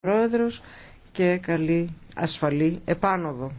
Πρόεδρος και καλή ασφαλή επάνωδο.